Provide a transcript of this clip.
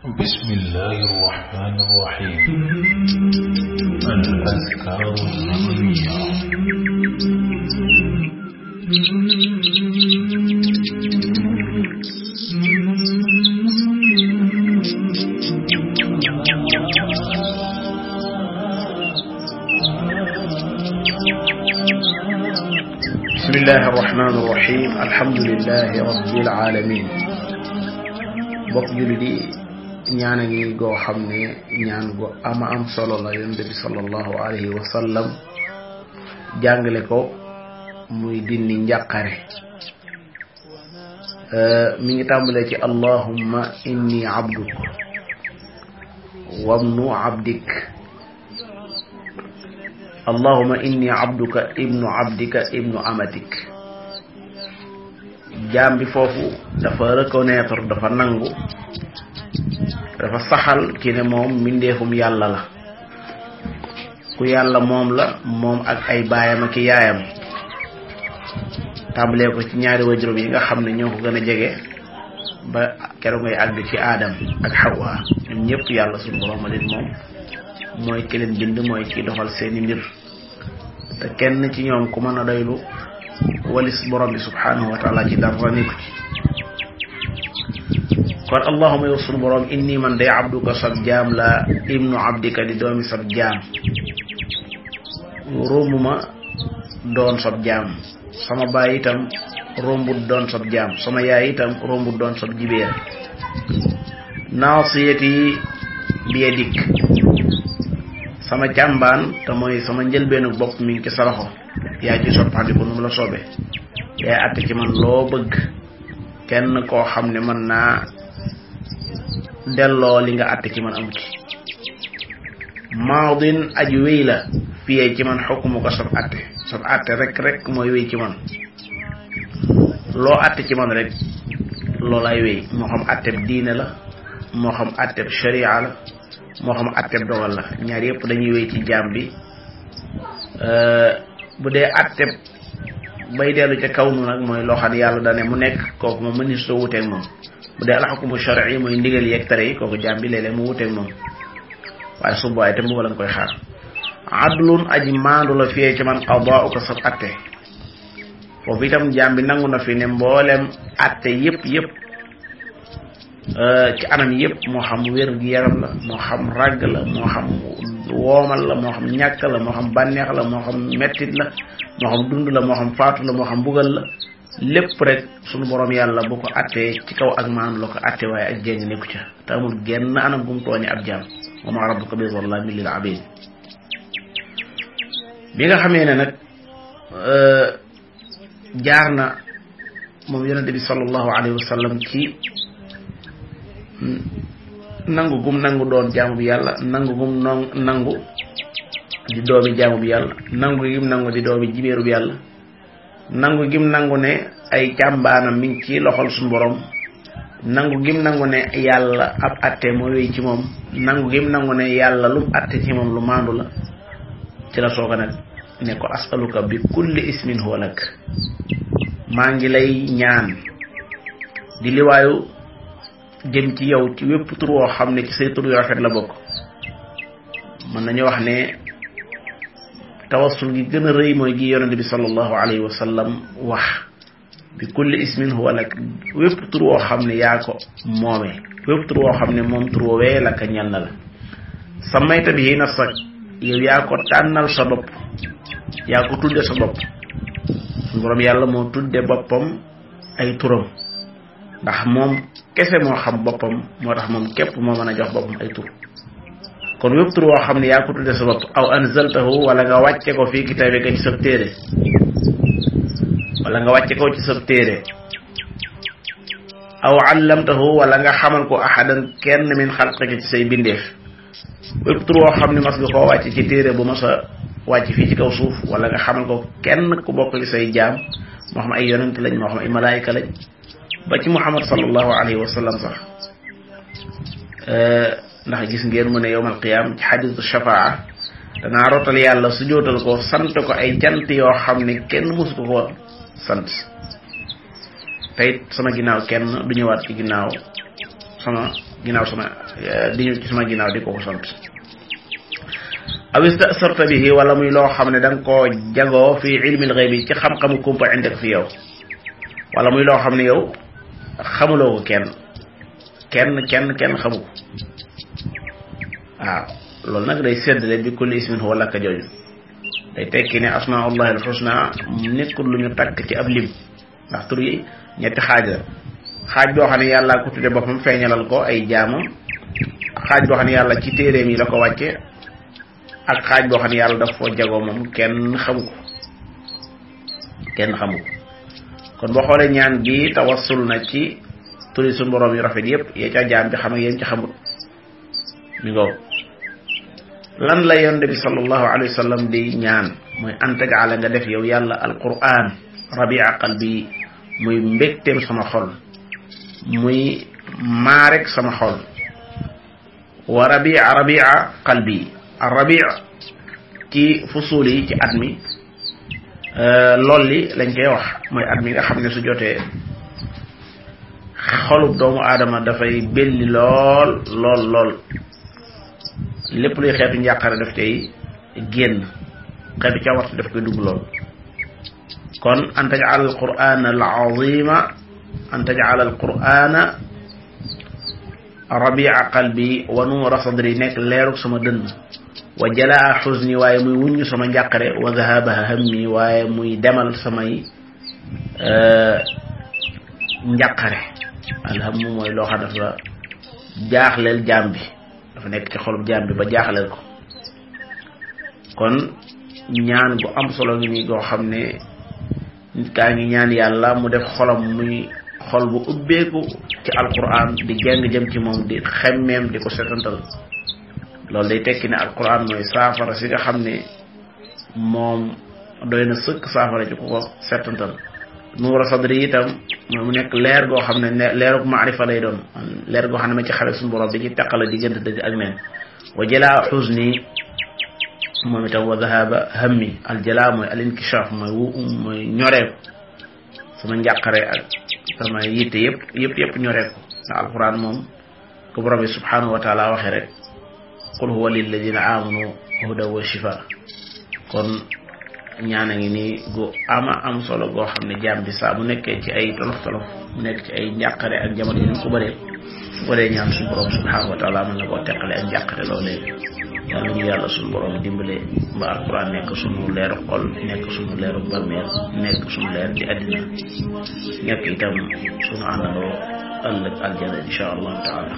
بسم الله الرحمن الرحيم الأذكار النظرية بسم الله الرحمن الرحيم الحمد لله رب العالمين بقي لديه ñaan a ngi goo ne ñaan gu ama am solo la yonent bi sallallahu alayhi wa sallam jàngale ko muy dindi njàqare eh, mi ngi tàmbalee ci allahumma inni abduk wabnu abdik allahumma inni abduka ibnu amatik jaam foofu dafa reconnaître dafa nangu dafa saxal ci ne moom mbindeefum yàlla la ku yàlla moom la moom ak ay baayam ak yaayam tàmbalee ko ci ñaari wajuram yi nga xam ne ñoo ko gën a jege ba keroog ngay àgg ci aadam ak xawaa ñun ñëpp yàlla suñu borom a leen moom mooy ki leen bind mooy ki doxal seeni mbir te kenn ci ñoom ku mën a doylu walis borom bi subhanahu wa ci dara nekku kon allahuma yow sunu borom inni man day abduka sab jaam la ibnu abdika di doomi sab jaam rombuma doon sab jaam sama baay itam rombut doon sab jaam sama yaay itam rombut doon sab jibeer naasiyati sama càmbaan te mooy sama njëlbeenu bopp mi ngi ci sa loxo yaa ci soppandiku nu la soobee yaa àtte man loo bëgg kenn koo xam ne mën naa delloo li nga àtte ci man amu ci maadin aji wéy la fiyee ci man xukmu ko sab àtte sab àtte rek rek mooy wéy ci man loo àtte ci man rek loolaay wéy moo xam àtteb diine la moo xam àtteb sharia la moo xam àtteb dogal la ñaar yëpp dañuy wéy ci jaam bi bu dee àtteb bay dellu ci kaw nu nag mooy loo xam yàlla dane mu nekk kooku moom mëni soo wuteeg moom bu dee alxukumu shar'i mooy ndigal yeeg yi kooku jaam bi léeg-léeg mu wuteeg moom waaye su booyee te la nga koy xaar adlun aji maandu la fiyee ci man qadaa'u foofu itam jaam bi nangu na fi ne mboolem atte yëpp yëpp euh, ci anam yëpp moo xam wér gu yaram la moo xam ràgg la moo xam woomal la moo xam ñàkk la moo xam bànneex la moo xam mettit la moo xam dund moo xam faatu moo xam bugal la lépp rek suñu borom yàlla bu ko attee ci kaw ak maam la ko atte waaye ak jéng nekku ca te amul anam bu mu tooñe ab jaam wa maa rabbuka nga xamee ne nag euh, jaar na moom yonente bi sallallahu alayhi wa sallam ci nangu gum nangu doon jaamu bi yàlla nangu gum nangu di doomi jaamu yàlla nangu yim nangu di doomi jimeeru yàlla nangu gim nangu ne ay jàmbaanam mi ngi ci loxol suñu borom nangu gim nangu ne yàlla ab atte moo wéy ci moom nangu gim nangu ne yàlla lu atte ci moom lu maandu la ci la sooga nag ne ko asaluka bi kulli ismin huwa lak maa ngi lay ñaan di liwaayu jëm ci yow ci wépp tur woo xam ne ci say tur yu rafet la bokk mën nañu wax ne tawassul gi gën a rëy mooy gi yonente bi sallallahu alayhi wa sallam wax bi kulli ismin huwa lak wépp tur woo xam ne yaa ko moomee wépp tur woo xam ne moom tur woowee la ka ñal na la samayta bihi nafsak yow yaa ko tànnal sa bopp yaa ko tudde sa bopp suñu yàlla moo tudde boppam ay turam ndax moom kese moo xam boppam moo tax moom képp moo mën a jox boppam ay tur kon wépp tur woo xam ne yaa ko tudde sa bopp aw anzaltahu wala nga wàcce ko fii kitaabika ci sa téere wala nga wàcce ko ci sa téere aw allamtahu wala nga xamal ko ahadan kenn min xalqika ci say bindeef wépp tur woo xam ne mas nga koo wàcce ci téere bu mas a wàcc fii ci kaw suuf wala nga xamal ko kenn ku bokk ci say jaam moo xam ay yonent lañ moo xam ay malaayika lañ ba ci muhammad sallallahu alayhi wa sallam sax ndax gis ngeen mu ne yowmal qiyaam ci xadisu shafaa danaa rotal yàlla su jootal ko sant ko ay jant yoo xam ne kenn mosu ko ko sant teyit sama ginnaaw kenn du ñëwaat ci ginnaaw sama ginnaaw sama eh, di ñu ci sama ginnaaw di ko ko sant aw istasarta bihi wala muy loo xam ne da ko koo jagoo fi ilmil ghaybi ci xam-xamu kumpa indak fi yow wala muy loo xam ne yow xamuloo ko kenn kenn kenn kenn xamu ko waaw loolu nag day seddale bi kulli ismin huwa laka jooju day tekki ne asmaullahi alxusna nekkul lu ñu takk ci ab lim ndax tur ñetti xaaj la xaaj boo xam ne yàlla ko tudde ko ay jaamam xaaj xam ne yàlla ci téeréem yi la ko wàcce ak xaaj boo xam ne yàlla daf koo jagoo moom kenn xamu ko kenn xamu kon boo xoolee ñaan bi tawassul na ci turi su borom yu rafet yëpp yee ca jaam bi xam ak yéen ci xamut mi ngoog lan la yonent bi sallallahu alayhi wa di ñaan mooy antagaale nga def yow yàlla alquran rabia qalbi muy mbégteem sama xol muy maarek sama xol wa rabia rabia qalbi ar rabia ci fusuul ci at mi euh, lool li lañ koy wax mooy at mi nga xam ne su jotee xolub doomu aadama dafay belli lool lool lool lépp luy xeetu njàqare daf tey génn xeetu cawarte daf koy dugg lool kon an tajal al qur'ana al azima an tajal al qur'ana rabia qalbi wa nuura sadri nekk leerug sama dënn wa jalaa xuzni muy wuññu sama njàqare wa dhahaba hammi waaye muy demal samay euh, njàqare alhammu mooy loo xam dafa jaaxleel jaam bi dafa nekk ci xolub jaam bi ba jaaxaleel ko kon ñaan gu am solo ngi nii goo xam ne nit kaa ngi ñaan yàlla mu def xolam muy xol bu ubbeeku ci alquran di jàng jëm ci moom di xemmeem di ko setantal loolu day tekki ne alquran mooy saafara si nga xam ne moom doy na sëkk saafara ci ko ko setantal nuura sadri itam mu nekk leer goo xam ne leeruk maarifa lay doon leer goo xam ne ma ci xamee suñu borom bi ci taqala diggante dëgg ak neen wa jalaa xusni moom itam wa zahaba hammi al jalaa mooy al inkishaaf mooy wu mooy ñoreeku sama njàqare ak sama yitte yëpp yëpp yëpp ñoreeku ndax alquran moom ko borom bi subhanahu wa taala waxee rek qul huwa lilladina amanu huda wa shifa kon ñaan a ngi nii gu ama am solo goo xam ne jaam bi saa bu nekkee ci ay tolof tolof mu nekk ci ay njàqare ak jamono yi ñu ko bëree bu dee ñaan suñu borom subhanahu wa taala mën na koo teqale ak njàqare loolee yàlla ñu yàlla suñu borom dimbale ba alquran nekk suñu leeru xol nekk suñu leeru bàmmeel nekk suñu leer di àddina nekk itam suñu àndandoo ëllëg aljana incha allahu taala